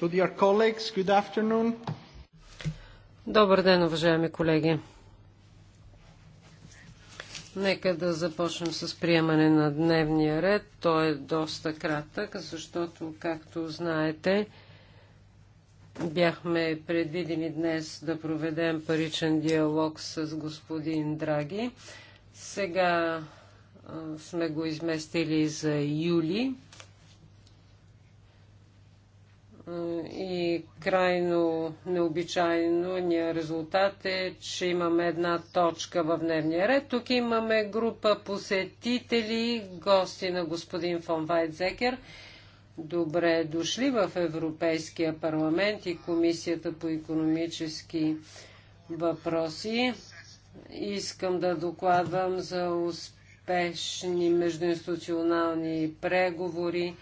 So, dear colleagues, good afternoon. Добър ден, уважаеми колеги. Нека да започнем с приемане на дневния ред. Той е доста кратък, защото, както знаете, бяхме предвидени днес да проведем паричен диалог с господин Драги. Сега а, сме го изместили за юли, е, и крайно необичайния резултат е, че имаме една точка в дневния ред. Тук имаме група посетители, гости на господин фон Вайтзекер. Добре дошли в Европейския парламент и Комисията по економически въпроси. Искам да докладвам за успешни междуинституционални преговори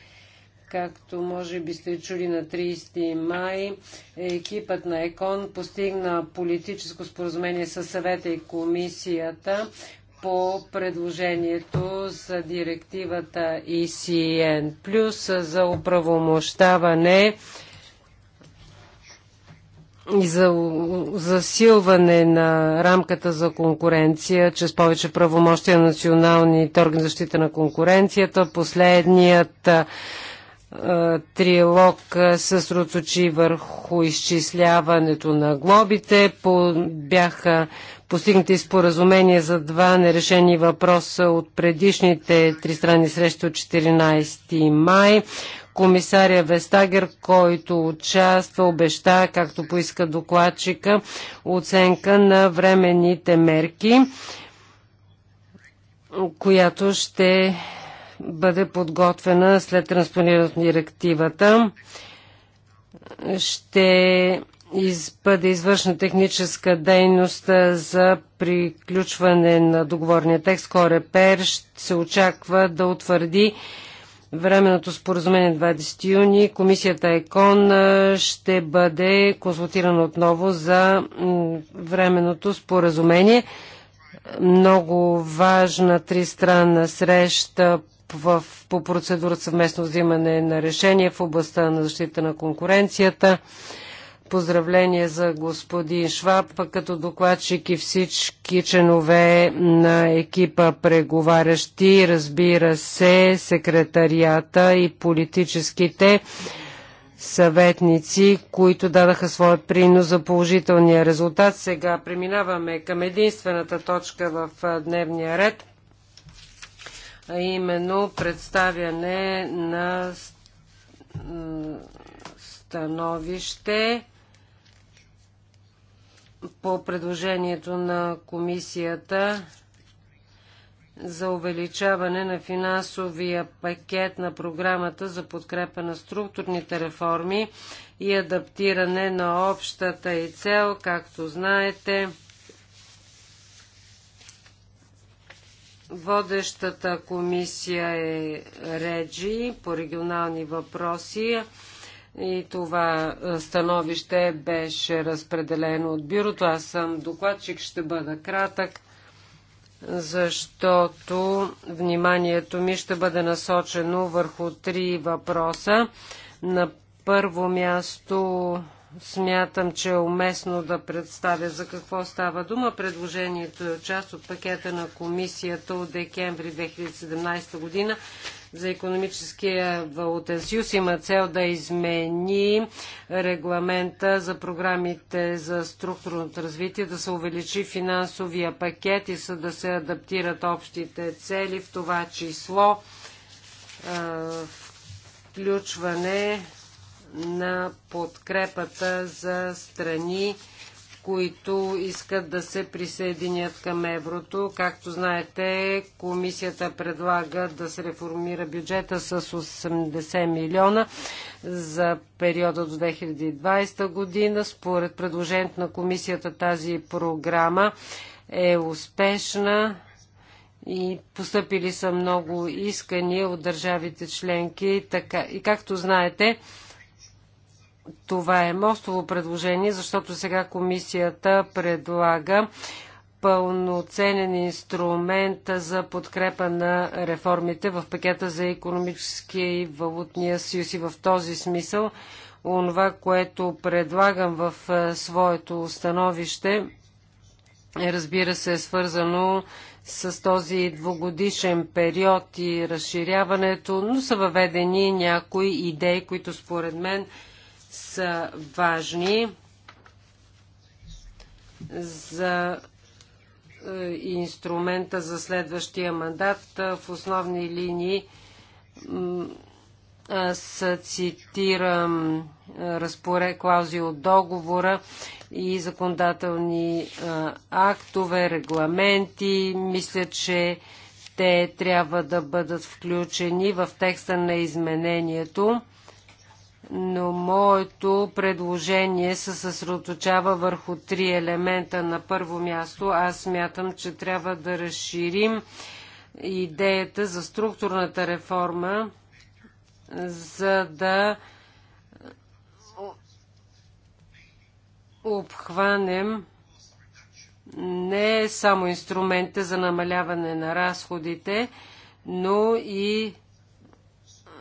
Както може би сте чули на 30 май, екипът на ЕКОН постигна политическо споразумение с съвета и комисията по предложението за директивата ECN за оправомощаване и за засилване на рамката за конкуренция чрез повече правомощия на националните органи защита на конкуренцията. Последният е, трилог е, съсредоточи върху изчисляването на глобите. По, бяха постигнати споразумения за два нерешени въпроса от предишните тристранни срещи от 14 май. Комисаря Вестагер, който участва, обеща, както поиска докладчика, оценка на временните мерки която ще бъде подготвена след транспонирането на директивата. Ще из, бъде извършена техническа дейност за приключване на договорния текст. Корепер се очаква да утвърди временното споразумение 20 юни. Комисията ЕКОН ще бъде консултирана отново за временното споразумение. Много важна тристранна среща в, по процедура съвместно взимане на решение в областта на защита на конкуренцията. Поздравление за господин Шваб, като докладчик и всички членове на екипа преговарящи, разбира се, секретарията и политическите съветници, които дадаха своя принос за положителния резултат. Сега преминаваме към единствената точка в дневния ред а именно представяне на становище по предложението на комисията за увеличаване на финансовия пакет на програмата за подкрепа на структурните реформи и адаптиране на общата и цел, както знаете. Водещата комисия е Реджи по регионални въпроси и това е, становище беше разпределено от бюрото. Аз съм докладчик, ще бъда кратък, защото вниманието ми ще бъде насочено върху три въпроса. На първо място смятам, че е уместно да представя за какво става дума. Предложението е част от пакета на комисията от декември 2017 година за економическия валутен съюз. Има цел да измени регламента за програмите за структурното развитие, да се увеличи финансовия пакет и са да се адаптират общите цели, в това число включване на подкрепата за страни, които искат да се присъединят към еврото. Както знаете, комисията предлага да се реформира бюджета с 80 милиона за периода до 2020 година. Според предложението на комисията тази програма е успешна и поступили са много искания от държавите членки. Така, и както знаете, това е мостово предложение, защото сега комисията предлага пълноценен инструмент за подкрепа на реформите в пакета за економическия и валутния съюз. И в този смисъл, онова, което предлагам в своето становище, разбира се, е свързано с този двугодишен период и разширяването, но са въведени някои идеи, които според мен – са важни за е, инструмента за следващия мандат. Е, в основни линии е, аз цитирам разпоред клаузи от договора и законодателни актове, регламенти. Мисля, че те трябва да бъдат включени в текста на изменението но моето предложение се съсредоточава върху три елемента. На първо място аз смятам, че трябва да разширим идеята за структурната реформа, за да обхванем не само инструмента за намаляване на разходите, но и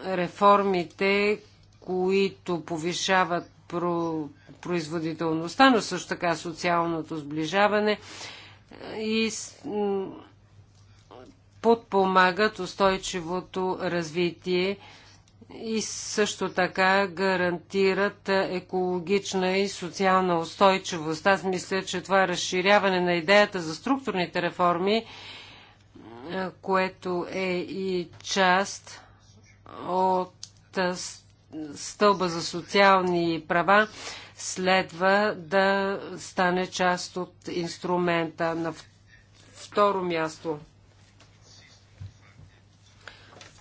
реформите, които повишават производителността, но също така социалното сближаване е, и подпомагат устойчивото развитие и също така гарантират екологична и социална устойчивост. Аз мисля, че това разширяване на идеята за структурните реформи, е, което е и част от стълба за социални права следва да стане част от инструмента. На второ място.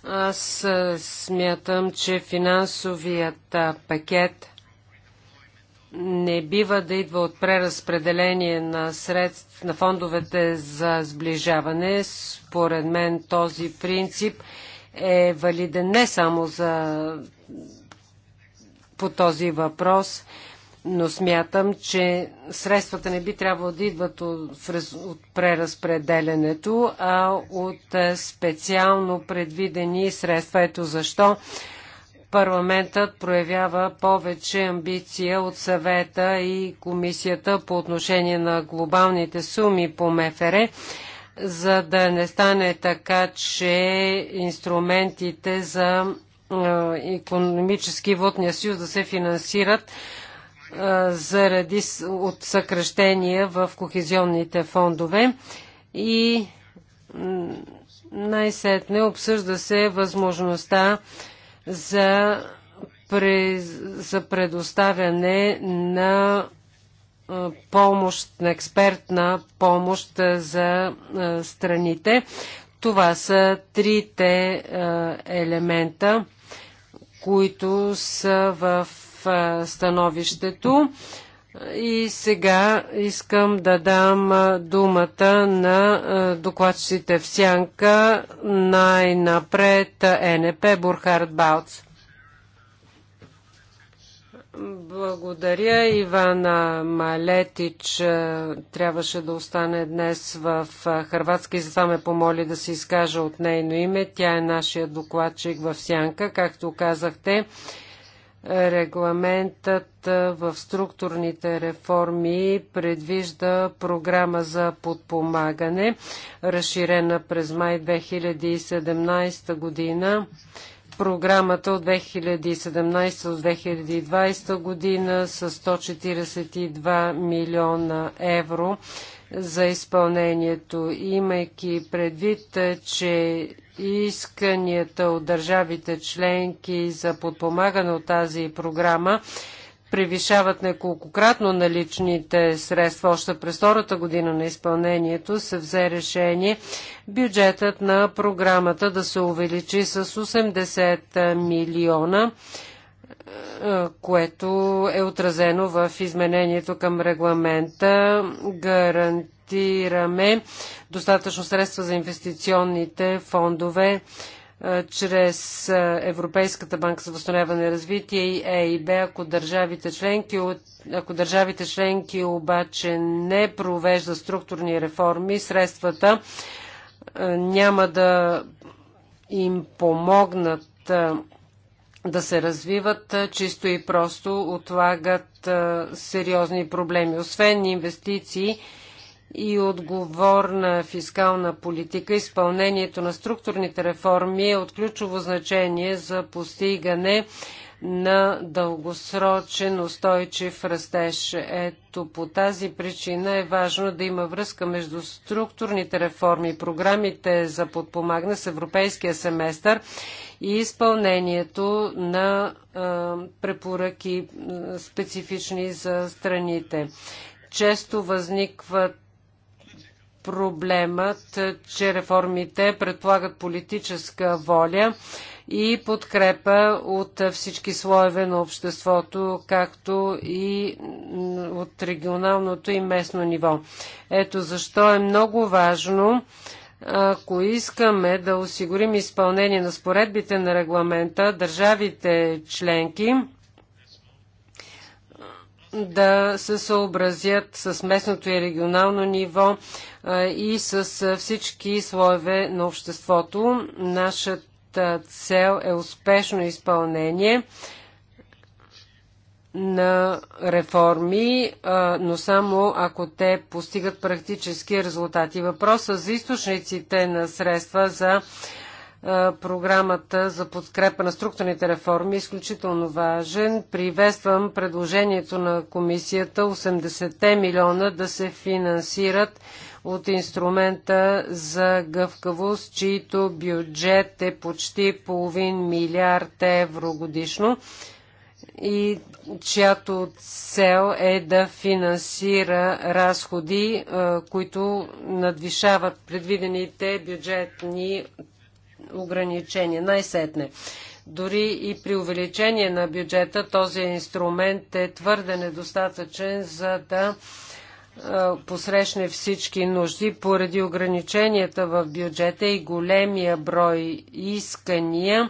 Аз смятам, че финансовият пакет не бива да идва от преразпределение на средств на фондовете за сближаване. Според мен този принцип е валиден не само за по този въпрос, но смятам, че средствата не би трябвало да идват от, преразпределенето, а от е, специално предвидени средства. Ето защо парламентът проявява повече амбиция от съвета и комисията по отношение на глобалните суми по МФР, за да не стане така, че инструментите за економически водния съюз да се финансират заради от съкръщения в кохезионните фондове и най-сетне обсъжда се възможността за, за предоставяне на помощ, на експертна помощ за страните. Това са трите е, елемента, които са в е, становището. И сега искам да дам е, думата на докладчите в сянка най-напред НП Бурхард Бауц. Благодаря, Ивана Малетич. Е, трябваше да остане днес в е, Харватска и затова ме помоли да се изкажа от нейно име. Тя е нашия докладчик в Сянка. Както казахте, регламентът е, в структурните реформи предвижда програма за подпомагане, разширена през май 2017 година програмата от 2017 от 2020 година с 142 милиона евро за изпълнението, имайки предвид, че исканията от държавите членки за подпомагане от тази програма превишават неколкократно наличните средства. Още през втората година на изпълнението се взе решение бюджетът на програмата да се увеличи с 80 милиона е, което е отразено в изменението към регламента. Гарантираме достатъчно средства за инвестиционните фондове чрез Европейската банка за възстановяване и развитие и ЕИБ, ако държавите членки, ако държавите членки обаче не провеждат структурни реформи, средствата няма да им помогнат да се развиват, чисто и просто отлагат сериозни проблеми. Освен инвестиции, и отговорна фискална политика, изпълнението на структурните реформи е от ключово значение за постигане на дългосрочен устойчив растеж. Ето по тази причина е важно да има връзка между структурните реформи, и програмите за подпомагане с европейския семестър и изпълнението на е, препоръки специфични за страните. Често възникват проблемът, че реформите предполагат политическа воля и подкрепа от всички слоеве на обществото, както и от регионалното и местно ниво. Ето защо е много важно ако искаме да осигурим изпълнение на споредбите на регламента, държавите членки да се съобразят с местното и регионално ниво и с всички слоеве на обществото. Нашата цел е успешно изпълнение на реформи, но само ако те постигат практически резултати. Въпросът за източниците на средства за е, програмата за подкрепа на структурните реформи е изключително важен. Приветствам предложението на комисията 80-те милиона да се финансират от инструмента за гъвкавост, чийто бюджет е почти половин милиард евро годишно и чиято цел е да финансира разходи, е, които надвишават предвидените бюджетни ограничения. Най-сетне. Дори и при увеличение на бюджета този инструмент е твърде недостатъчен, за да посрещне всички нужди поради ограниченията в бюджета и големия брой искания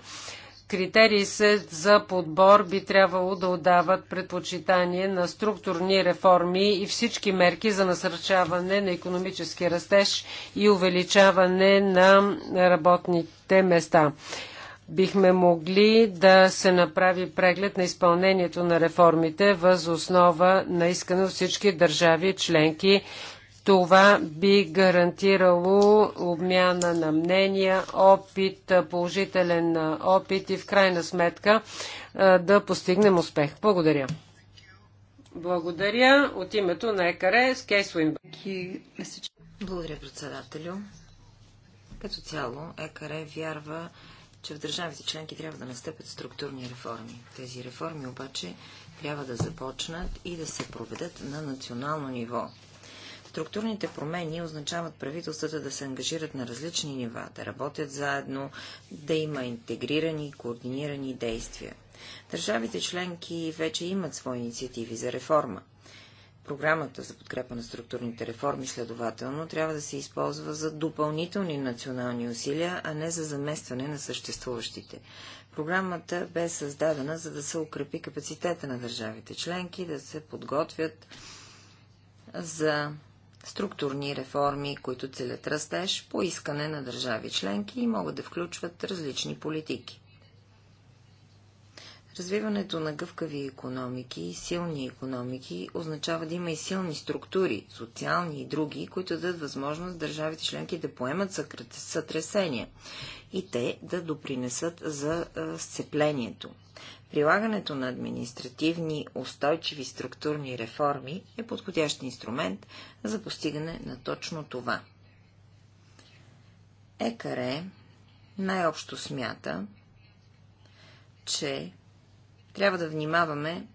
критерии се за подбор би трябвало да отдават предпочитание на структурни реформи и всички мерки за насърчаване на економически растеж и увеличаване на работните места. Бихме могли да се направи преглед на изпълнението на реформите въз основа на искане от всички държави членки това би гарантирало обмяна на мнения, опит, положителен опит и в крайна сметка да постигнем успех. Благодаря. Благодаря от името на ЕКАРЕ с Кейс Благодаря, председателю. Като цяло, ЕКАРЕ вярва, че в държавите членки трябва да настъпят структурни реформи. Тези реформи обаче трябва да започнат и да се проведат на национално ниво. Структурните промени означават правителствата да се ангажират на различни нива, да работят заедно, да има интегрирани и координирани действия. Държавите членки вече имат свои инициативи за реформа. Програмата за подкрепа на структурните реформи, следователно, трябва да се използва за допълнителни национални усилия, а не за заместване на съществуващите. Програмата бе създадена, за да се укрепи капацитета на държавите членки, да се подготвят за структурни реформи, които целят растеж по искане на държави членки и могат да включват различни политики. Развиването на гъвкави економики, и силни економики, означава да има и силни структури, социални и други, които дадат възможност държавите членки да поемат сътресения и те да допринесат за сцеплението. Прилагането на административни устойчиви структурни реформи е подходящ инструмент за постигане на точно това. ЕКАРЕ най-общо смята, че трябва да внимаваме,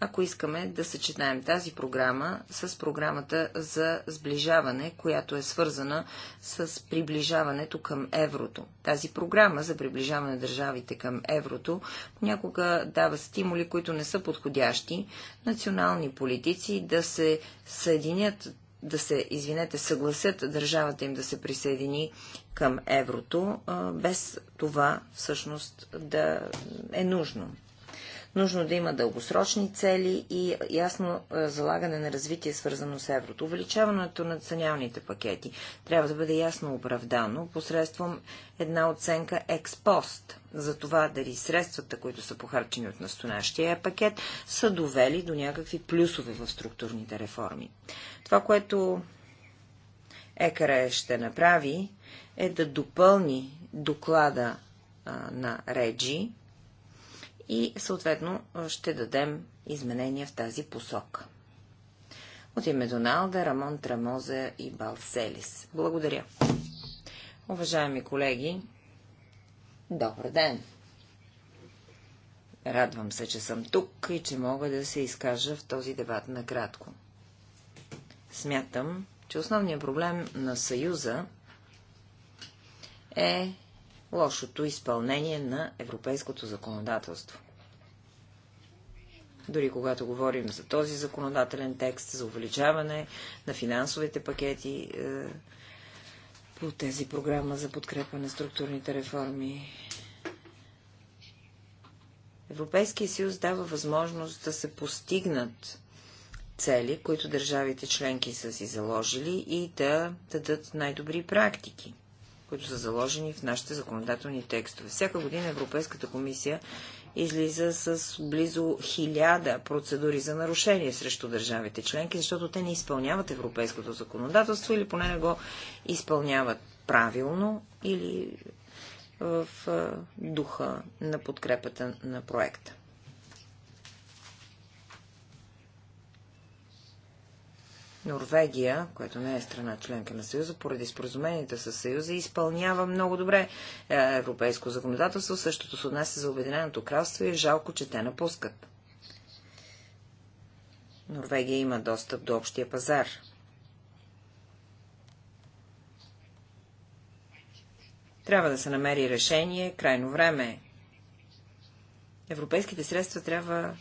ако искаме да съчетаем тази програма с програмата за сближаване, която е свързана с приближаването към еврото. Тази програма за приближаване на държавите към еврото понякога дава стимули, които не са подходящи национални политици да се съединят да се, извинете, съгласят държавата им да се присъедини към еврото, без това всъщност да е нужно. Нужно да има дългосрочни цели и ясно е, залагане на развитие, свързано с еврото. Увеличаването на националните пакети трябва да бъде ясно оправдано посредством една оценка експост за това дали средствата, които са похарчени от настоящия пакет, са довели до някакви плюсове в структурните реформи. Това, което ЕКРА ще направи, е да допълни доклада на Реджи и съответно ще дадем изменения в тази посока. От името на Алда, Рамон Трамозе и Балселис. Благодаря. Уважаеми колеги, добър ден! Радвам се, че съм тук и че мога да се изкажа в този дебат накратко. Смятам, че основният проблем на Съюза е, лошото изпълнение на европейското законодателство. Дори когато говорим за този законодателен текст, за увеличаване на финансовите пакети е, по тези програма за подкрепа на структурните реформи, Европейския съюз дава възможност да се постигнат цели, които държавите членки са си заложили и да дадат най-добри практики – които са заложени в нашите законодателни текстове. Всяка година Европейската комисия излиза с близо хиляда процедури за нарушение срещу държавите членки, защото те не изпълняват европейското законодателство или поне не го изпълняват правилно или в духа на подкрепата на проекта. Норвегия, която не е страна членка на Съюза, поради споразуменията с Съюза, изпълнява много добре е, европейско законодателство. Същото се отнася за Обединеното кралство и е жалко, че те напускат. Норвегия има достъп до общия пазар. Трябва да се намери решение, крайно време е. Европейските средства трябва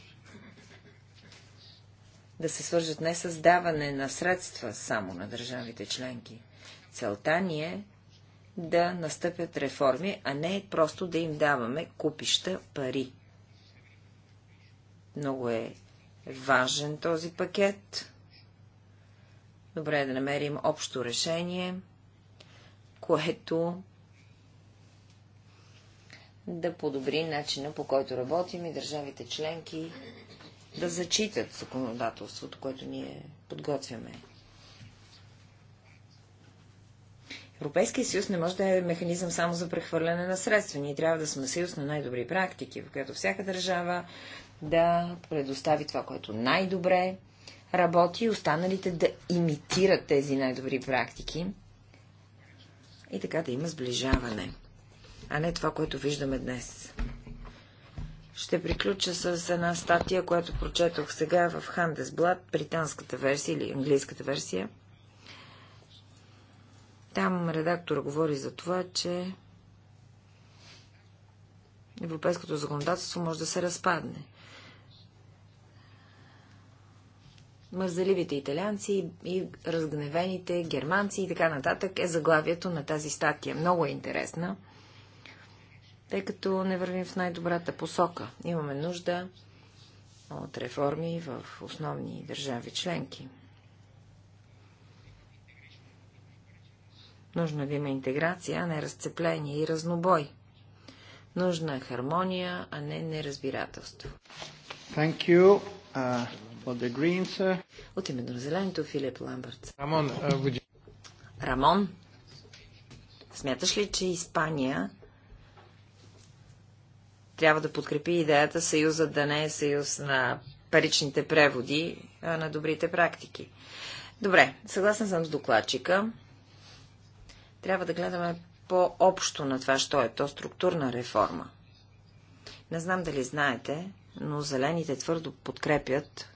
да се свържат не създаване на средства само на държавите членки. Целта ни е да настъпят реформи, а не просто да им даваме купища пари. Много е важен този пакет. Добре е да намерим общо решение, което да подобри начина по който работим и държавите членки да зачитат законодателството, което ние подготвяме. Европейския съюз не може да е механизъм само за прехвърляне на средства. Ние трябва да сме съюз на най-добри практики, в която всяка държава да предостави това, което най-добре работи и останалите да имитират тези най-добри практики и така да има сближаване, а не това, което виждаме днес. Ще приключа с една статия, която прочетох сега в Хандесблад, британската версия или английската версия. Там редактор говори за това, че европейското законодателство може да се разпадне. Мързаливите италианци и разгневените германци и така нататък е заглавието на тази статия. Много е интересна тъй като не вървим в най-добрата посока. Имаме нужда от реформи в основни държави членки. Нужно е да има интеграция, а не разцепление и разнобой. Нужна е хармония, а не неразбирателство. Thank you, uh, for the greens, uh. От името на зеленото Филип Ламбърт. Рамон, uh, would you... Рамон, смяташ ли, че Испания трябва да подкрепи идеята Съюза да не е съюз на паричните преводи, а на добрите практики. Добре, съгласна съм с докладчика. Трябва да гледаме по-общо на това, що е то структурна реформа. Не знам дали знаете, но зелените твърдо подкрепят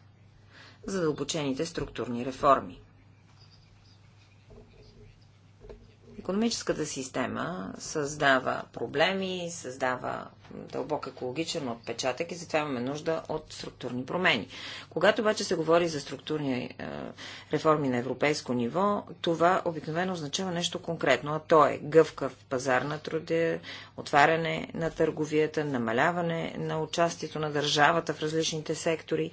задълбочените структурни реформи. Економическата система създава проблеми, създава дълбок екологичен отпечатък и затова имаме нужда от структурни промени. Когато обаче се говори за структурни е, реформи на европейско ниво, това обикновено означава нещо конкретно, а то е гъвкав пазар на труда, отваряне на търговията, намаляване на участието на държавата в различните сектори.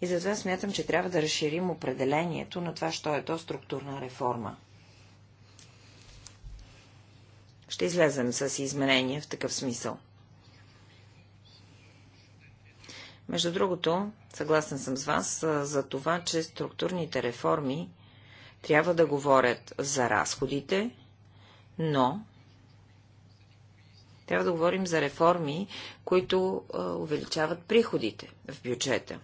И затова смятам, че трябва да разширим определението на това, що е то структурна реформа ще излезем с изменения в такъв смисъл. Между другото, съгласен съм с вас за това, че структурните реформи трябва да говорят за разходите, но трябва да говорим за реформи, които увеличават приходите в бюджета.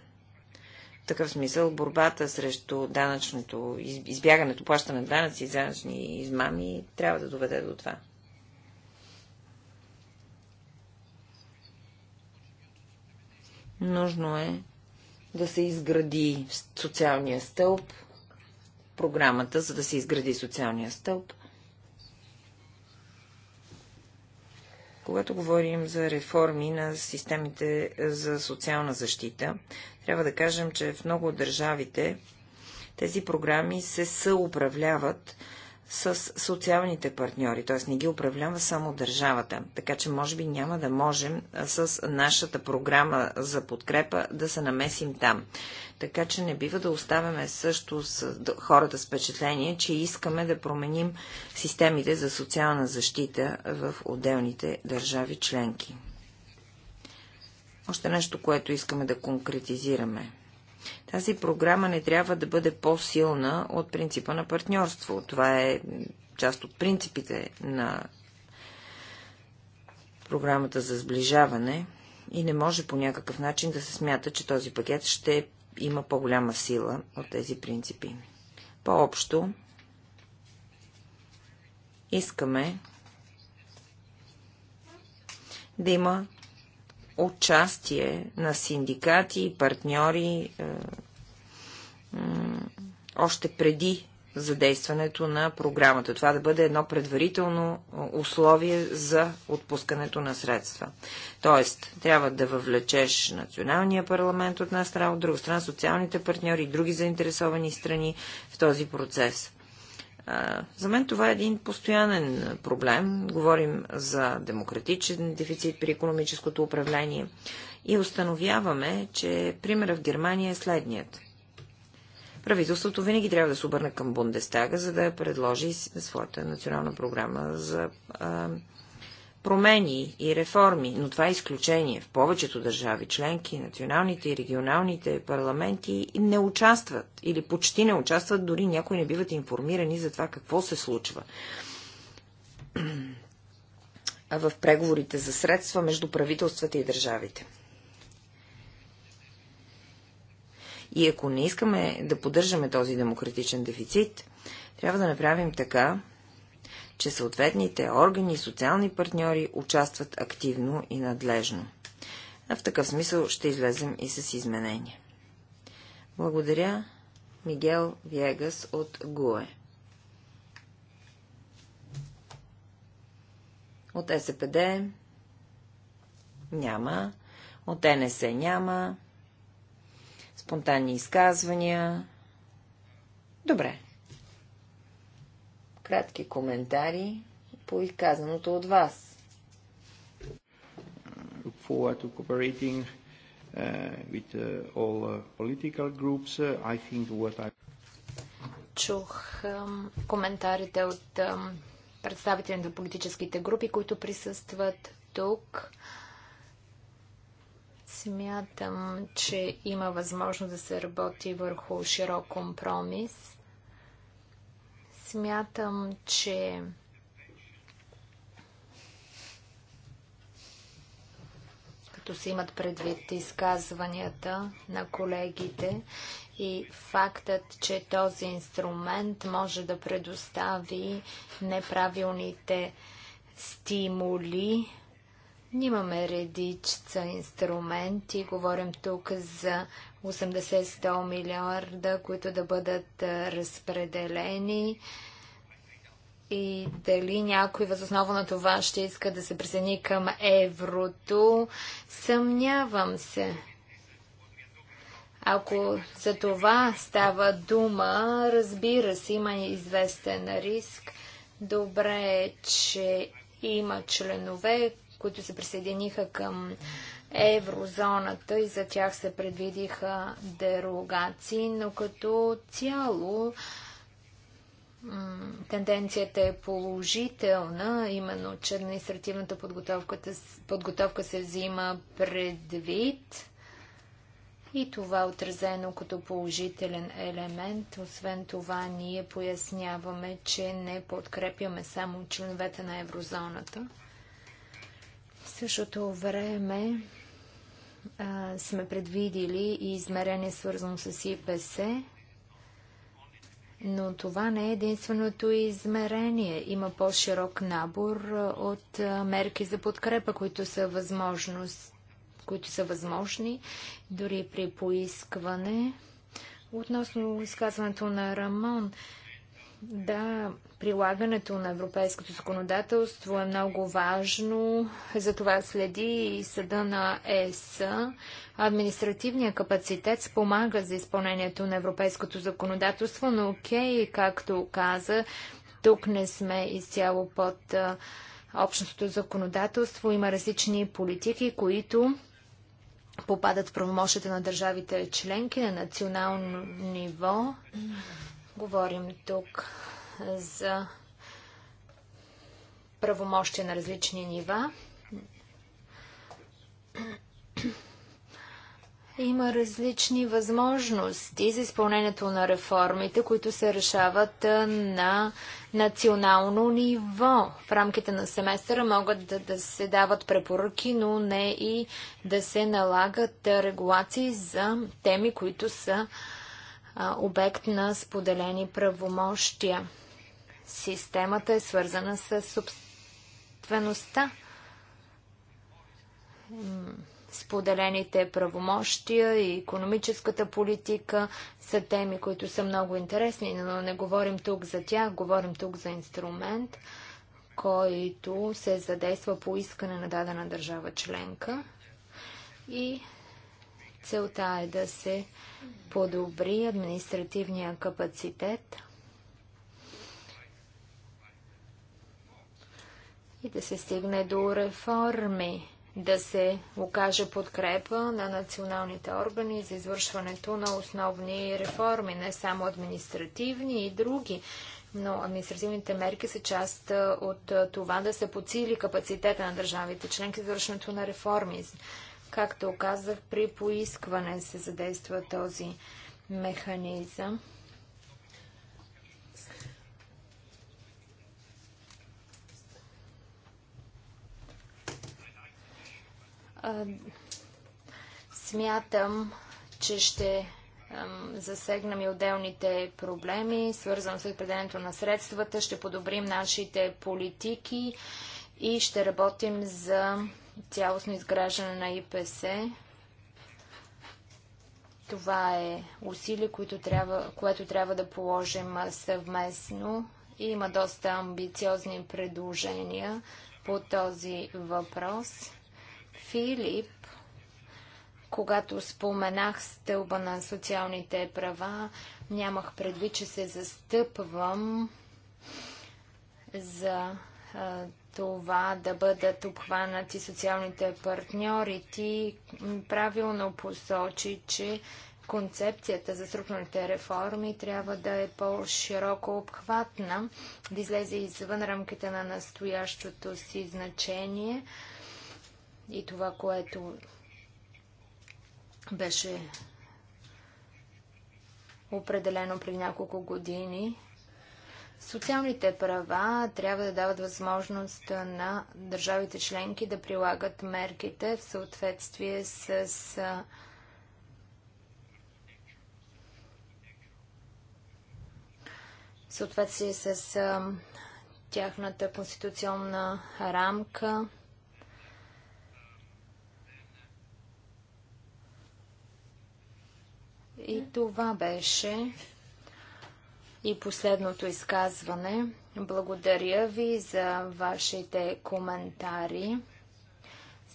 В такъв смисъл борбата срещу данъчното, избягането, плащане на данъци и данъчни измами трябва да доведе до това. Нужно е да се изгради социалния стълб, програмата, за да се изгради социалния стълб. Когато говорим за реформи на системите за социална защита, трябва да кажем, че в много от държавите тези програми се съуправляват с социалните партньори, т.е. не ги управлява само държавата. Така че може би няма да можем с нашата програма за подкрепа да се намесим там. Така че не бива да оставяме също с хората с впечатление, че искаме да променим системите за социална защита в отделните държави членки. Още нещо, което искаме да конкретизираме. Тази програма не трябва да бъде по-силна от принципа на партньорство. Това е част от принципите на програмата за сближаване и не може по някакъв начин да се смята, че този пакет ще има по-голяма сила от тези принципи. По-общо искаме да има участие на синдикати и партньори е, още преди задействането на програмата. Това да бъде едно предварително е, условие за отпускането на средства. Тоест, трябва да въвлечеш националния парламент от една страна, от друга страна социалните партньори и други заинтересовани страни в този процес. За мен това е един постоянен проблем. Говорим за демократичен дефицит при економическото управление и установяваме, че примерът в Германия е следният. Правителството винаги трябва да се обърне към Бундестага, за да предложи своята национална програма за промени и реформи, но това е изключение. В повечето държави членки, националните и регионалните парламенти не участват или почти не участват, дори някои не биват информирани за това какво се случва. А в преговорите за средства между правителствата и държавите. И ако не искаме да поддържаме този демократичен дефицит, трябва да направим така, че съответните органи и социални партньори участват активно и надлежно. А в такъв смисъл ще излезем и с изменения. Благодаря, Мигел Виегас от ГУЕ. От СПД няма. От НС няма. Спонтанни изказвания. Добре кратки коментари по изказаното от вас. Uh, uh, uh, Чух коментарите от представителите на политическите групи, които присъстват тук. Смятам, че има възможност да се работи върху широк компромис. Смятам, че като се имат предвид изказванията на колегите и фактът, че този инструмент може да предостави неправилните стимули. Имаме редичца инструменти, говорим тук за 80-100 милиарда, които да бъдат разпределени и дали някой възоснова на това ще иска да се присъедини към еврото, съмнявам се. Ако за това става дума, разбира се, има известен риск. Добре е, че има членове, които се присъединиха към еврозоната и за тях се предвидиха дерогации, но като цяло тенденцията е положителна, именно че административната подготовка се взима предвид и това е отразено като положителен елемент. Освен това, ние поясняваме, че не подкрепяме само членовете на еврозоната същото време а, сме предвидили и измерение свързано с ИПС, но това не е единственото измерение. Има по-широк набор от а, мерки за подкрепа, които са възможност които са възможни, дори при поискване. Относно изказването на Рамон, да, прилагането на европейското законодателство е много важно. За това следи и съда на ЕС. Административният капацитет спомага за изпълнението на европейското законодателство, но окей, както каза, тук не сме изцяло под а, общностното законодателство. Има различни политики, които попадат в правомощите на държавите членки на национално ниво. Говорим тук за правомощия на различни нива. Има различни възможности за изпълнението на реформите, които се решават на национално ниво. В рамките на семестъра могат да, да се дават препоръки, но не и да се налагат регулации за теми, които са а, обект на споделени правомощия. Системата е свързана с собствеността. Споделените правомощия и економическата политика са теми, които са много интересни, но не говорим тук за тях, говорим тук за инструмент, който се задейства по искане на дадена държава членка и Целта е да се подобри административния капацитет и да се стигне до реформи, да се окаже подкрепа на националните органи за извършването на основни реформи, не само административни и други. Но административните мерки са част от това да се подсили капацитета на държавите членки за на реформи. Както казах, при поискване се задейства този механизъм. Смятам, че ще засегнем и отделните проблеми, свързано с определенето на средствата, ще подобрим нашите политики и ще работим за цялостно изграждане на ИПС. Това е усилие, което трябва, което трябва да положим съвместно. И има доста амбициозни предложения по този въпрос. Филип, когато споменах стълба на социалните права, нямах предвид, че се застъпвам за това да бъдат обхванати социалните партньори. Ти правилно посочи, че концепцията за структурните реформи трябва да е по-широко обхватна, да излезе извън рамките на настоящото си значение и това, което беше определено при няколко години Социалните права трябва да дават възможност на държавите членки да прилагат мерките в съответствие с в съответствие с тяхната конституционна рамка. И това беше и последното изказване. Благодаря ви за вашите коментари.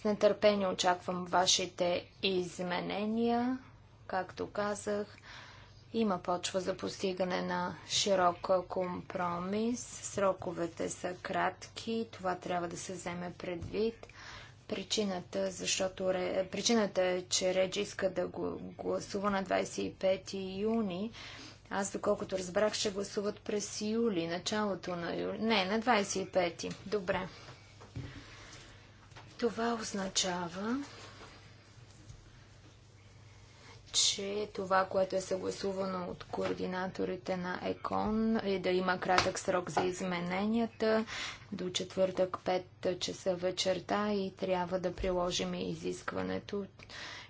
С нетърпение очаквам вашите изменения. Както казах, има почва за постигане на широк компромис. Сроковете са кратки. Това трябва да се вземе предвид. Причината, защото, причината е, че Реджи иска да го гласува на 25 юни аз, доколкото разбрах, ще гласуват през юли, началото на юли. Не, на 25-ти. Добре. Това означава, че това, което е съгласувано от координаторите на ЕКОН е да има кратък срок за измененията до четвъртък 5 часа вечерта и трябва да приложим изискването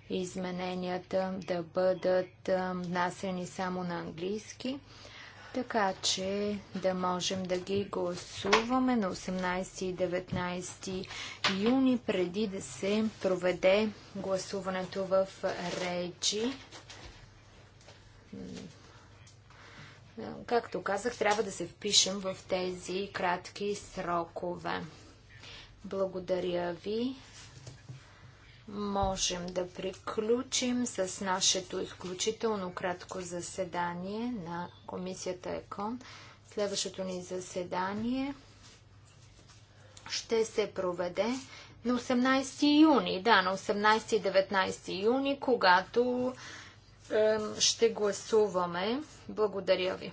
измененията да бъдат внасени само на английски, така че да можем да ги гласуваме на 18 и 19 юни, преди да се проведе гласуването в Реджи. Както казах, трябва да се впишем в тези кратки срокове. Благодаря ви можем да приключим с нашето изключително кратко заседание на комисията ЕКОН. Следващото ни заседание ще се проведе на 18 юни, да, на 18 и 19 юни, когато ще гласуваме. Благодаря ви.